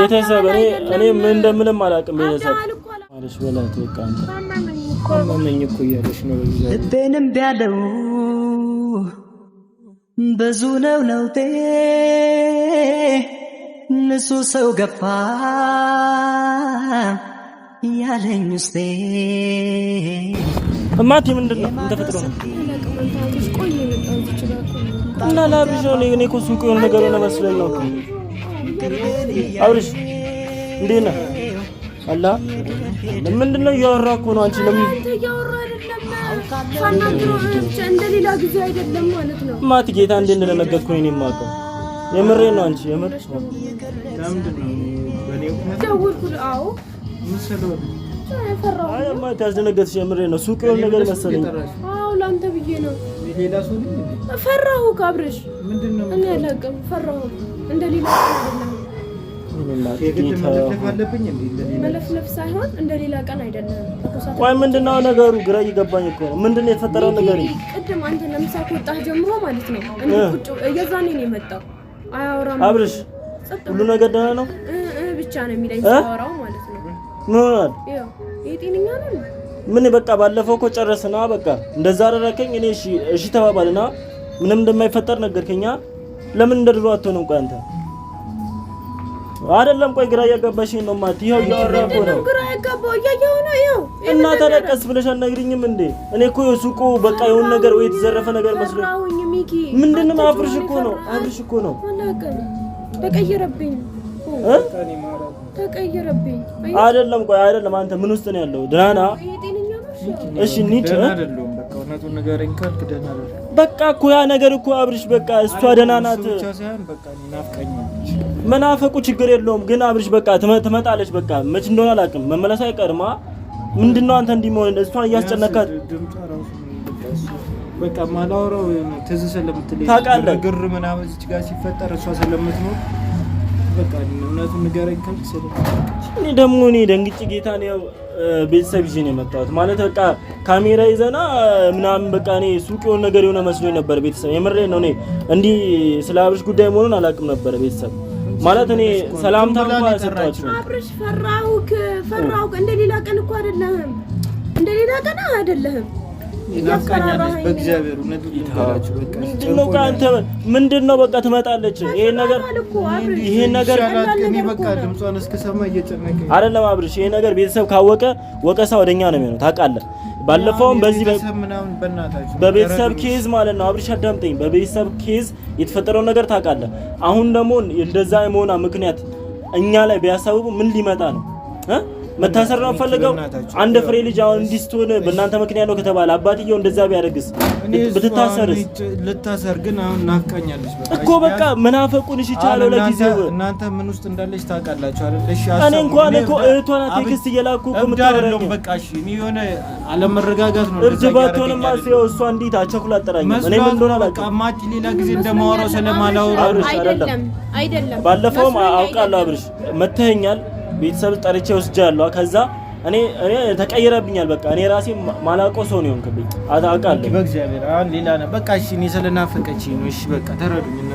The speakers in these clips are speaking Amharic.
ቤተሰብ እኔ እኔ ምን እንደምልም አላውቅም። ቤተሰብ አለሽ በላት በቃ አመመኝ እኮ እያለሽ ነው። ልቤንም ቢያለው ብዙ ነው ነውቴ ንሱ ሰው ገፋ ያለኝ ውስጤ እማቴ ምንድን ነው እንደፈጥሮ ነው እና ላብዣ እኔ እኮ ሱቅ የሆነ ነገር መስሎኝ ነው አብርሽ እንዴት ነህ? አላ ምንድን ነው እያወራህ እኮ ነው አንቺ። ለምን እንደሌላ ጊዜ አይደለም ማለት ነው። ማት ጌታ እንዴ እንደነገርኩኝ እኔ የማውቀው የምሬን ነው። አንቺ የምር ማት ያስደነገጥሽ የምሬን ነው። ሱቅ የሆነ ነገር መሰለኝ። አዎ ለአንተ ብዬ ነው ፈራሁ። ካብረሽ እኔ አላውቅም። ፈራሁ እንደሌላ አይደለም መለፍለፍ ሳይሆን እንደ ቀን አይደለም። ቆይ ምንድነው ነገሩ? ግራ እየገባኝ እኮ ነው። ምንድነው የተፈጠረው ነገር? ቅድም አንተ ለምሳ ከወጣህ ጀምሮ ማለት ነው የዛኔ ነው የመጣው። አያወራም አብርሽ፣ ሁሉ ነገር ደህና ነው ብቻ ነው የሚለኝ ሲያወራው ማለት ነው። ምን ጤነኛ ነው ምን በቃ ባለፈው እኮ ጨረስና በቃ እንደዛ አደረከኝ። እኔ እሺ እሺ ተባባልና ምንም እንደማይፈጠር ነገርከኛ። ለምን እንደድሮ ድሮ አትሆንም? ቆይ አንተ አይደለም። ቆይ ግራ እያጋባሽኝ ነው ማለት ይኸው እያወራሁ ነው። ግራ ያጋባው እያየሁ ነው። ይኸው እና ታዲያ ቀስ ብለሽ አናግሪኝም እንዴ? እኔ እኮ የሱቁ በቃ የሆነ ነገር ወይ የተዘረፈ ነገር መስሎኝ። ምንድን ነው አብርሽ እኮ ነው አብርሽ እኮ ነው ተቀየረብኝ እ ተቀየረብኝ። አይደለም ቆይ አይደለም። አንተ ምን ውስጥ ነው ያለው? ደህና እሺ ኒድ በቃ እኮ ያ ነገር እኮ አብርሽ በቃ እሷ ደህና ናት። መናፈቁ ችግር የለውም ግን አብርሽ በቃ ትመጣለች። በቃ መች እንደሆነ አላውቅም። መመለስ አይቀርማ። ምንድነው አንተ እንዲመሆን እሷን እያስጨነካት በቃ ማላወራው ትዝ ስለምትለኝ ታውቃለህ፣ ግር ምናምን እዚህ ጋር ሲፈጠር እሷ ስለምትኖር በቃ እውነቱን ንገረኝ ካልክ እኔ ደግሞ እኔ ደንግጬ ጌታ ነው ቤተሰብ ይዤ ነው የመጣሁት። ማለት በቃ ካሜራ ይዘና ምናምን በቃ እኔ ሱቅ የሆነ ነገር የሆነ መስሎኝ ነበር ቤተሰብ። የምሬ ነው እኔ እንዲህ ስለ አብርሽ ጉዳይ መሆኑን አላውቅም ነበረ ቤተሰብ ማለት እኔ ሰላምታ እንኳን ሰጣችሁ። አብርሽ ፈራሁክ ፈራሁክ። እንደ ሌላ ቀን እኮ አይደለህም፣ እንደ ሌላ ቀን አይደለህም። ይናፍቃኛለች በእግዚአብሔር እውነት ይታላችሁ። በቃ ምንድነው ካንተ ምንድነው? በቃ ትመጣለች። ይሄን ነገር ይሄን ነገር እኔ በቃ ድምጿን እስከሰማ እየጨነቀኝ አይደለም። አብርሽ ይሄን ነገር ቤተሰብ ካወቀ ወቀሳ ወደኛ ነው የሚሆነው። ታውቃለህ ባለፈውም በዚህ በቤተሰብ ኬዝ ማለት ነው። አብርሽ አዳምጠኝ። በቤተሰብ ኬዝ የተፈጠረው ነገር ታውቃለህ። አሁን ደግሞ እንደዛ የመሆና ምክንያት እኛ ላይ ቢያሳውቁ ምን ሊመጣ ነው? መታሰር ነው ፈልገው። አንድ ፍሬ ልጅ አሁን እንዲህ ስትሆን በእናንተ ምክንያት ነው ከተባለ አባትየው እንደዛ ቢያደርግስ ብትታሰርስ? ልታሰር ግን አሁን ናፍቃኛለች እኮ በቃ መናፈቁን እሺ፣ ቻለው ለጊዜው። እናንተ ምን ውስጥ እንዳለች ታውቃላችሁ አይደል? እሺ፣ እኔ እንኳን እኮ እህቷን ቴክስት እየላኩ ምታረኝ በቃ እሺ፣ የሆነ አለመረጋጋት ነው። እርጅ ባትሆንማ ሲው እሷ እንዴት አቸኩላ አጠራኝ። እኔ ምን እንደሆነ አላውቅም። ሌላ ጊዜ እንደማወራው ስለማላወራ አይደለም አይደለም። ባለፈውም አውቃለሁ አብርሽ መተኛል ቤተሰብ ጠርቼ ወስጃለሁ። ከዛ እኔ እኔ ተቀይረብኛል። በቃ እኔ ራሴ ማላውቀው ሰው ነው የሆንክብኝ። አውቃለሁ በእግዚአብሔር። አሁን ሌላ ነው በቃ። እሺ እኔ ስለናፈቀችኝ ነው። እሺ በቃ ተረዱኝ።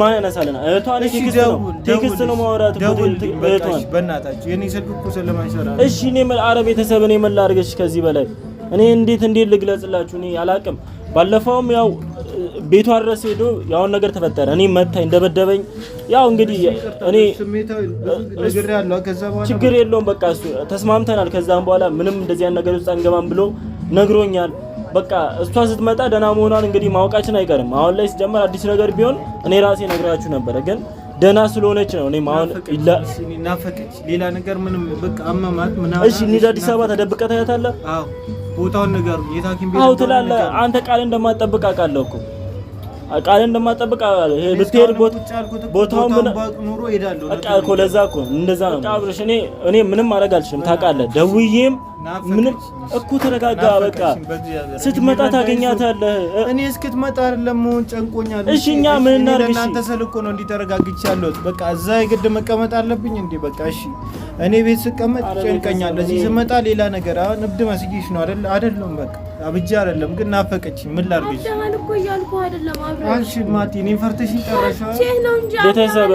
ማነሳለና እህቷ ልጅ ቴክስት ነው ማውራት በእናታችሁ የኔ እሺ፣ እኔ አረብ ቤተሰብ እኔ ምን ላድርግሽ? ከዚህ በላይ እኔ እንዴት እንዴት ልግለጽላችሁ? እኔ አላቅም። ባለፈውም ያው ቤቷ ድረስ ሄዶ ያውን ነገር ተፈጠረ። እኔ መታኝ፣ ደበደበኝ። ያው እንግዲህ እኔ ችግር የለውም በቃ እሱ ተስማምተናል። ከዛም በኋላ ምንም እንደዚህ ያን ነገር ውስጥ አንገባም ብሎ ነግሮኛል። በቃ እሷ ስትመጣ ደህና መሆኗን እንግዲህ ማወቃችን አይቀርም። አሁን ላይ ሲጀመር አዲስ ነገር ቢሆን እኔ ራሴ ነግራችሁ ነበረ ግን ደህና ስለሆነች ነው። እኔም አሁን ናፈቀች፣ ሌላ ነገር ምንም በቃ አመማት ምናምን። እሺ እንሂድ አዲስ አበባ ተደብቀህ ታያታለህ። አዎ ቦታውን ንገሩኝ፣ የት ሐኪም ቤት አዎ ትላለህ። አንተ ቃል እንደማትጠብቅ አውቃለሁ እኮ ቃል እንደማጠብቅ ልትሄድ ቦታው ኑሮ ሄዳለሁ። በቃ እኮ ለዛ እኮ እንደዛ ነው። አብርሽ እኔ እኔ ምንም ማድረግ አልችልም ታውቃለህ። ደውዬም ምንም እኮ ተረጋጋ። በቃ ስትመጣ ታገኛታለህ። እኔ እስክትመጣ አይደለም መሆን ጨንቆኛል። እሺ እኛ ምን እናድርግ? እናንተ ስልኮ ነው እንዲተረጋግቼ ያለሁት። በቃ እዛ የግድ መቀመጥ አለብኝ እንዴ? በቃ እሺ እኔ ቤት ስቀመጥ ጨንቀኛል። እዚህ ስመጣ ሌላ ነገር አሁን እብድ መስጊሽ ነው አይደል? አይደለም በቃ አብጃ አይደለም ግን ናፈቀች። ምን ላድርግሽ? ቤተሰብ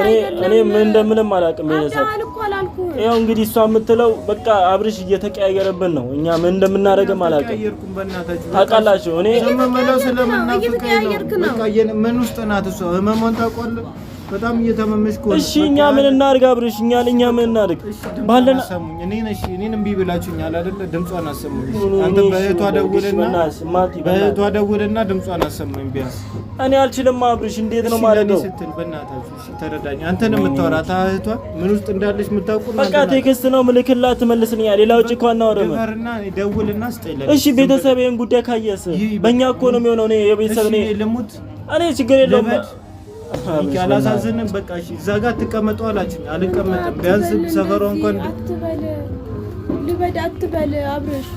እኔ ምን እንደምንም አላውቅም። ቤተሰብ ያው እንግዲህ እሷ የምትለው በቃ አብርሽ እየተቀያየረብን ነው፣ እኛ ምን እንደምናደርግም አላውቅም። ታውቃላችሁ እኔ ምን ውስጥ ናት እሷ ህመሟን ታውቃለህ በጣም እየተመመሽ ነው። እሺ እኛ ምን እናድርግ? አብርሽ እኛ ለኛ ምን እናድርግ? ባለና ሰሙኝ። እኔን እሺ እኔን እምቢ ብላችሁኛል አይደለ? ድምጿን አሰሙኝ። አንተ በእህቷ ደውልና በእህቷ ደውልና ድምጿን አሰሙኝ። ቢያንስ እኔ አልችልም። አብርሽ እንዴት ነው ማለት ነው ስትል በእናታችሁ እሺ ተረዳኝ። ነው የምታወራት እህቷ ምን ውስጥ እንዳለች የምታውቁ በቃ ቴክስት ነው ምልክላት፣ ትመልስልኛል። ሌላ ውጭ እኮ አናወራም። ደውልና ስጠይቅ እሺ ቤተሰብ ይሄን ጉዳይ ካየስ በእኛ እኮ ነው የሚሆነው። እኔ የቤተሰብ እኔ ልሙት እኔ ችግር የለውም አላሳዝንም። በቃ እሺ፣ እዛ ጋር ትቀመጡ አላችን። አልቀመጥም። ቢያንስ ሰፈሯ እንኳን ልበድ አትበል አብረሽ።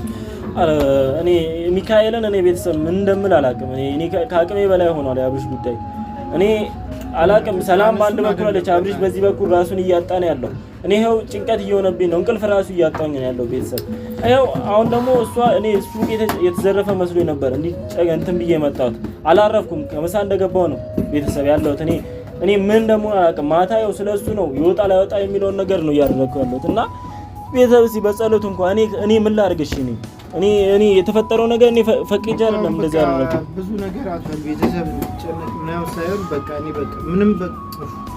እኔ ሚካኤልን እኔ ቤተሰብ ምን እንደምል አላቅም። እኔ ከአቅሜ በላይ ሆኗል የአብርሽ ጉዳይ። እኔ አላቅም። ሰላም በአንድ በኩል አለች፣ አብረሽ በዚህ በኩል ራሱን እያጣ ነው ያለው። እኔ ይኸው ጭንቀት እየሆነብኝ ነው። እንቅልፍ ራሱ እያጣኝ ነው ያለው ቤተሰብ። ይኸው አሁን ደግሞ እሷ እኔ ሱቅ የተዘረፈ መስሎ ነበር እንትን ብዬ መጣሁት። አላረፍኩም። ከምሳ እንደገባው ነው ቤተሰብ ያለሁት እኔ እኔ ምን እንደምሆን አላውቅም። ማታ ያው ስለ ነው ይወጣ ላይወጣ የሚለውን ነገር ነው እያደረግኩ ያለሁት እና ቤተሰብ እስኪ በጸሎት እንኳ እኔ እኔ ምን ላድርግሽ? እኔ እኔ እኔ የተፈጠረው ነገር እኔ ፈቅጄ አይደለም እንደዚህ ያደረኩ ብዙ ነገር አቷል። ቤተሰብ ጨነቅ ምናምን ሳይሆን በቃ እኔ በቃ ምንም በቃ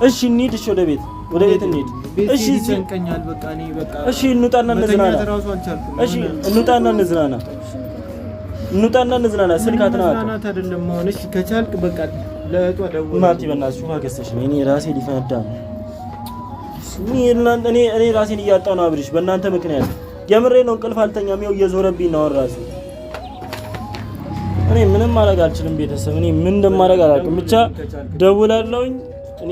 እሺ፣ እንሂድ። እሺ፣ ወደ ቤት ወደ ቤት እንሂድ። እሺ፣ ይጨንቀኛል። በቃ እኔ በቃ እሺ፣ እንውጣና እንዝናና። እሺ፣ እንውጣና እንዝናና፣ እንውጣና እንዝናና። ስልክ እንዝናና አይደለም አሁን እሺ፣ ከቻልክ በቃ ማርቲ በእናትሽ ማገሰሽኝ። እኔ ራሴ ሊፈነዳ ነው። እኔ ራሴን እያጣሁ ነው አብርሽ፣ በእናንተ ምክንያት የምሬ ነው። እንቅልፍ አልተኛም። ይኸው እየዞረብኝ ነው ራሴ። እኔ ምንም ማድረግ አልችልም። ቤተሰብ እኔ ምን እንደማደርግ አላውቅም። ብቻ ደውላለሁኝ። እኔ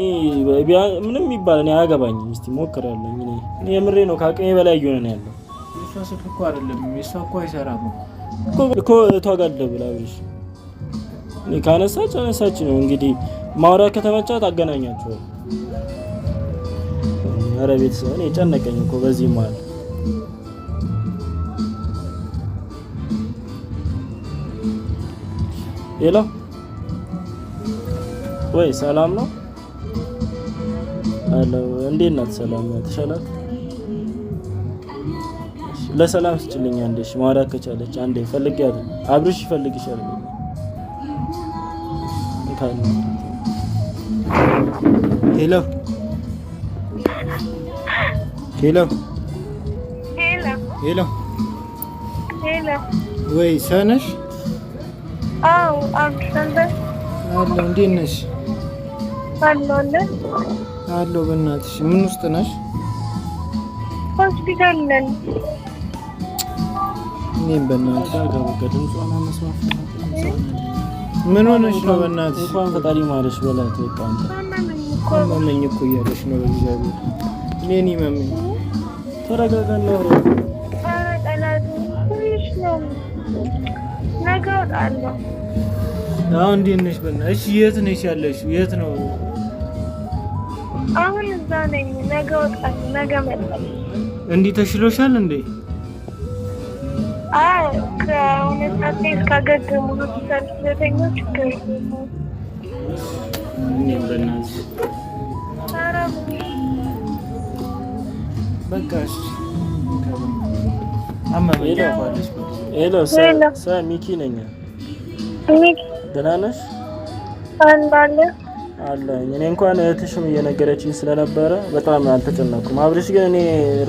ምንም ይባል እኔ አያገባኝም። እስኪ ሞክራለሁ። እኔ የምሬ ነው። ከአቅሜ በላይ እየሆነ ነው ያለው እኮ አይሰራም እኮ እህቷ ጋር ደውል አብርሽ ካነሳች አነሳች ነው እንግዲህ። ማውራት ከተመቻት አገናኛችሁ። ኧረ ቤተሰብ እኔ ጨነቀኝ እኮ በዚህ መሀል ሄሎ፣ ወይ ሰላም ነው አለ እንዴት ናት? ሰላም ተሻላት? ለሰላም ስጭልኛ አንዴሽ ማውራት ከቻለች አንዴ ፈልጊያት። አብርሽ ይፈልግሻል። Hello. Hello. Hello. Hello. Hello. ወይ ሰነሽ? አዎ፣ አሎ። እንዴት ነሽ? አሎ፣ በእናትሽ ምን ውስጥ ነሽ? ሆስፒታል ነን። እኔም በእናትሽ ምን ሆነሽ ነው? በእናትሽ እንኳን ፈጣሪ ማለሽ በላት። በቃ አመመኝ እኮ እያለሽ ነው። በእግዚአብሔር እኔን ይመመኝ። ተረጋጋና ነው አሁን እንዴት ነሽ? በእናትሽ እሺ፣ የት ነሽ ያለሽ? የት ነው አሁን? እዛ ነኝ። ነገ ወጣለሁ። ነገ መጣለሁ። እንዲህ ተሽሎሻል እንዴ? ሄሎ ሚኪ ነኝ። ደህና ነሽ? አለኝ እኔ እንኳን እህትሽም እየነገረችኝ ስለነበረ በጣም አልተጨነኩም። አብርሽ ግን እኔ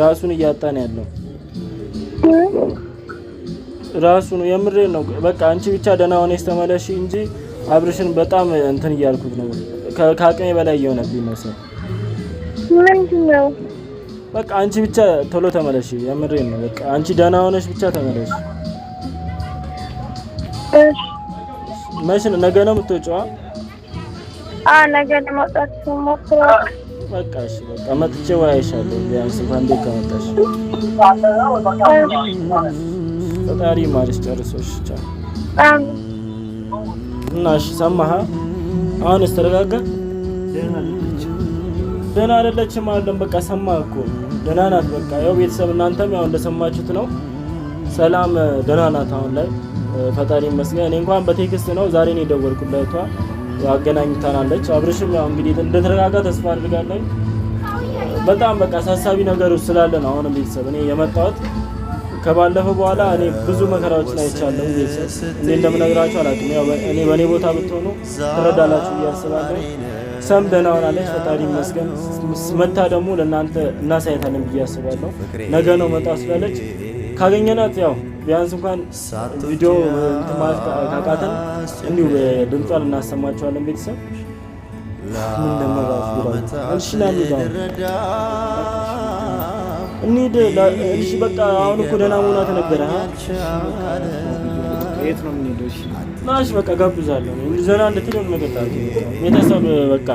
ራሱን እያጣን ያለው ራሱ ነው የምሬ ነው። በቃ አንቺ ብቻ ደህና ሆነሽ ተመለሽ እንጂ አብርሽን በጣም እንትን እያልኩት ነው። ከአቅሜ በላይ እየሆነብኝ ነው። ሰው ምንድን በቃ አንቺ ብቻ ቶሎ ተመለሽ። የምሬ ነው። በቃ አንቺ ደህና ሆነሽ ብቻ ተመለሽ። መቼ ነው? ነገ ነው የምትወጪው? አ ነገ ለመውጣት ሞክረዋል። በቃ እሺ፣ በቃ መጥቼ ወያይሻለሁ። ቢያንስ እንኳን ቤት ከመጣሽ ፈጣሪ ማርሽ ጨርሶሽ ቻ እና እሺ፣ ሰማህ? አሁንስ ተረጋጋ። ደህና አይደለችም አለን። በቃ ሰማህ እኮ ደህና ናት። በቃ ያው ቤተሰብ እናንተም ያው እንደሰማችሁት ነው። ሰላም ደህና ናት አሁን ላይ ፈጣሪ ይመስገን። እኔ እንኳን በቴክስት ነው ዛሬ ነው የደወልኩላቷ፣ አገናኝታናለች። አብርሽም ያው እንግዲህ እንደተረጋጋ ተስፋ አድርጋለሁ። በጣም በቃ አሳሳቢ ነገር ስላለ ነው አሁንም ቤተሰብ እኔ የመጣሁት ከባለፈው በኋላ እኔ ብዙ መከራዎችን አይቻለሁ። ቤተሰብ እኔ እንደምነግራችሁ አላውቅም። ያው እኔ በእኔ ቦታ ብትሆኑ ትረዳላችሁ ብዬ ሰም ደህና ሆናለች፣ ፈጣሪ ይመስገን። መታ ደግሞ ለእናንተ እናሳይታለን ብዬ አስባለሁ። ነገ ነው መጣ ስላለች ካገኘናት ያው ቢያንስ እንኳን ቪዲዮ ካቃተን እንዲሁ ድምጿን እናሰማቸዋለን። ቤተሰብ ምን ደመራ ሽላሚ እንሂድ። እሺ በቃ አሁን እኮ ደህና መሆኗ ተነገረ። የት ነው የምንሄደው? በቃ ጋብዛለሁ። ዘና እንድትል ቤተሰብ በቃ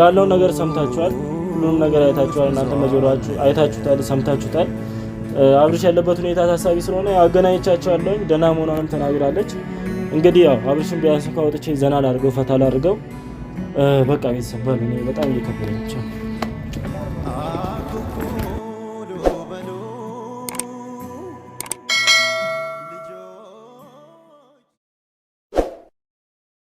ያለውን ነገር ሰምታችኋል። ሁሉንም ነገር አይታችኋል። እናንተ መጆሯችሁ አይታችሁታል፣ ሰምታችሁታል። አብርሽ ያለበት ሁኔታ ታሳቢ ስለሆነ አገናኝቻቸዋለሁኝ። ደህና መሆኗንም ተናግራለች። እንግዲህ ያው አብርሽን ቢያንስ ዘና ላድርገው፣ ፈታ ላድርገው። በቃ ቤተሰብ በጣም